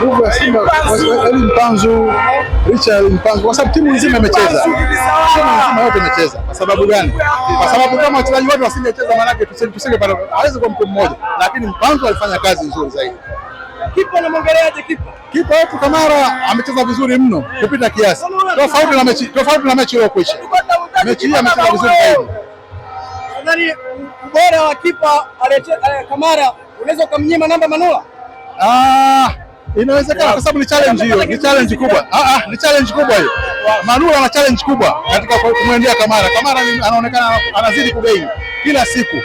nguvu ya Simba Eli Mpanzu, Richard Mpanzu, kwa sababu timu nzima imecheza, timu nzima yote imecheza. Kwa sababu gani? Kwa sababu kama wachezaji wote wasingecheza, maanake tusinge pale, hawezi kwa mtu mmoja, lakini Mpanzu alifanya kazi nzuri zaidi. Kipa anamwangaliaje? Kipa kipa wetu Kamara amecheza vizuri mno kupita kiasi, tofauti na mechi tofauti na mechi iliyokuisha. Mechi hii amecheza vizuri zaidi. Nadhani ubora wa kipa eh, Kamara unaweza ukamnyima namba Manula. Ah, Inawezekana kwa sababu ni challenge hiyo, ni challenge kubwa. Ah ah, ni challenge kubwa hiyo. Manula ana challenge kubwa katika kumwendea Kamara. Kamara anaonekana anazidi kugain kila siku,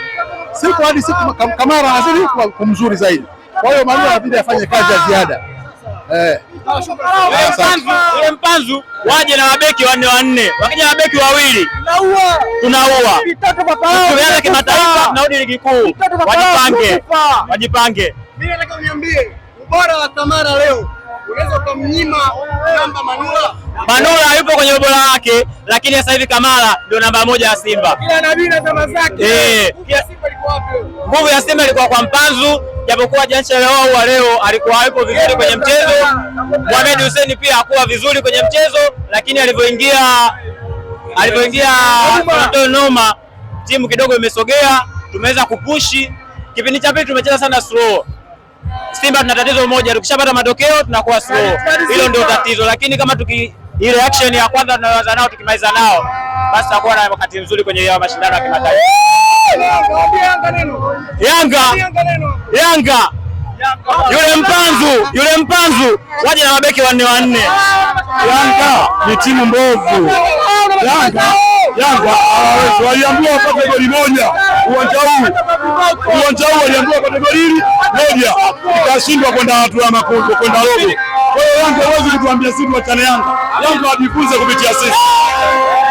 siku hadi siku, Kamara anazidi kumzuri zaidi. Kwa hiyo Manula anabidi afanye kazi ya ziada. Eh, mpanzu waje na wabeki wanne wanne, wakija wabeki wawili tunaua kimataifa, tunarudi ligi kuu. Wajipange, wajipange. Mimi nataka uniambie ubora wa Kamara leo unaweza ukamnyima namba Manula? Manula yupo kwenye ubora wake, lakini sasa hivi Kamara ndio namba moja ya Simba. Kila nabii na zama zake. Eh, nguvu ya Simba ilikuwa kwa Mpanzu, japokuwa Jean wa leo alikuwa hayupo vizuri eh, kwenye mchezo. Mohamed Hussein pia hakuwa vizuri kwenye mchezo, lakini alivyoingia alivyoingia Noma, timu kidogo imesogea, tumeweza kupushi. Kipindi cha pili tumecheza sana slow Simba tuna tatizo moja, tukishapata matokeo tunakuwa slow. Hilo ndio tatizo, lakini kama tuki ile action ya kwanza tunaanza nao tukimaliza nao basi tutakuwa na wakati mzuri kwenye hiyo mashindano ya kimataifa. Yanga Yanga yule mpanzu yule mpanzu waje na mabeki wanne wanne. Yanga ni timu mbovu. Yanga Yanga waliambiwa wapate goli moja uwanja huu, uwanja huu waliambiwa wapate goli washindwa kwenda watu wa makundi, kwenda robo. Kwa hiyo Yanga hawezi kutuambia sisi tuachane Yanga. Yanga wajifunze kupitia sisi.